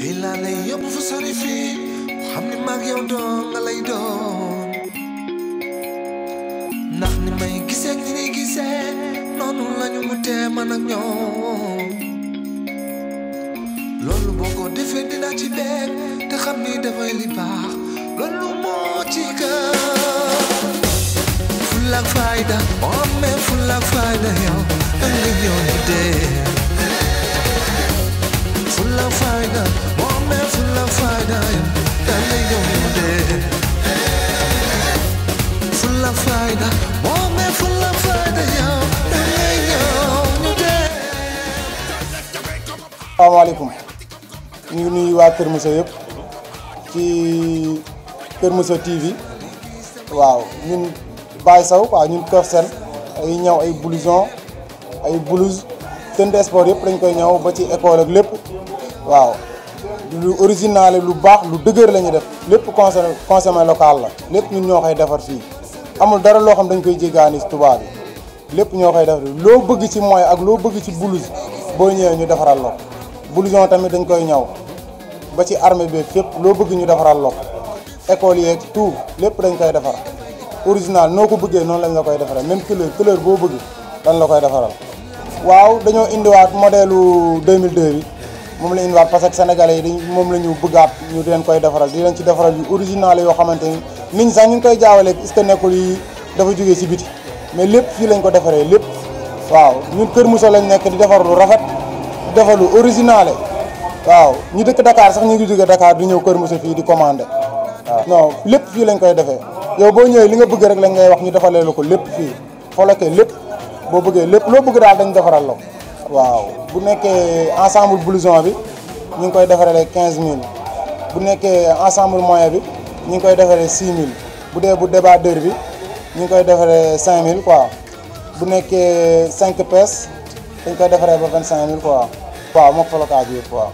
tey laa lay yóbbu fu sori fii mu xam ni maag yow doo nga lay doon ndax ni may gisee ni gisee noonu lañu mu tee man ak ñoom loolu boo ko defee ci beeg te xam ni dafay li baax loolu moo ci gën fulla ak fayda moom oh mais fulla fayda yow ëllëg yow mu فلا فايدة مؤمن فلا فايدة yow yow ñu dee. asalaamaaleykum ngi nuyu waa Kër Moussa yëpp ci Kër Moussa TV waaw ñun Baye Sow waaw ñun Kër Sène ay ñëw ay blouson ay blouse de sport yëpp dañ koy ñëw ba ci école ak lépp waaw lu original lu baax lu dëgër la ñuy def lépp consommé consommé local la lépp ñun ñoo koy defar fii. amul dara loo xam dañ koy jéggaani tubaab bi lépp ñoo koy def loo bëgg ci mooy ak loo bëgg ci blouse boo ñëwee ñu defaral la blouson tamit dañ koy ñaw ba ci armée bi fépp loo bëgg ñu defaral la école yeeg tout lépp dañ koy defar original noo ko bëggee noonu lañ la koy defaral même couleur couleur boo bëgg dañ la koy defaral. waaw dañoo indiwaat modelu 2002 bi moom la indiwaat parce que sénégalais yi dañ moom la ñu bëggaat ñu di leen koy defaral di leen ci defaral yu original yoo xamante ni. nit ñi sax ñu ngi koy jaawale est-ce que nekkul yi dafa jógee ci biti mais lépp fii lañ ko defaree lépp waaw ñun Kër Moussa lañ nekk di defar lu rafet di defar lu originalé waaw ñu dëkk dakaar sax ñu ngi jógee dakaar di ñëw Kër Moussa fii di commandé waaw non lépp fii lañ koy defee yow boo ñëwee li nga bëgg rek lañ ngay wax ñu defalee la ko lépp fii folokee lépp boo bëggee lépp loo bëgg daal dañ defaral la ko waaw bu nekkee ensemble blouson bi ñu ngi koy defarale quinze mille bu nekkee ensemble moyen bi ñu koy defaree 6000 bu dé bu débat bi ñu koy defaree 5000 quoi bu nekkee 5 pièces dañ koy defaree ba 25000 quoi waaw mook flocage bi yëpp waaw.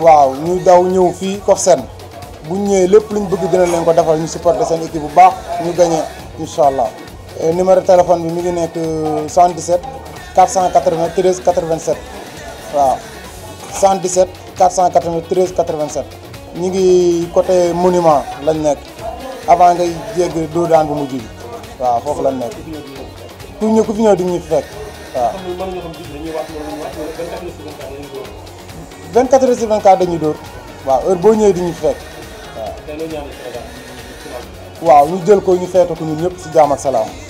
waaw ñu daw ñew fi Kof sen bu ñëwee lepp luñu bëgg dina leen ko defal ñu supporter sen équipe bu baax ñu gagné inshallah Et numéro téléphone bi mi ngi nekk 77 493 87 waaw 77 493 87. ñu ngi côté monument lañ nekk avant ngay jégg dóor daan bu mu bi waaw foofu lañ nekk ku ñëw ku fi ñëw di ñu fekk waaw. 24 heures sur 24 dañuy dóor waaw heure boo ñëwee di ñu fekk waaw. waaw ñu jël ko ñu feete ko ñun ñëpp si jaam ak salaam.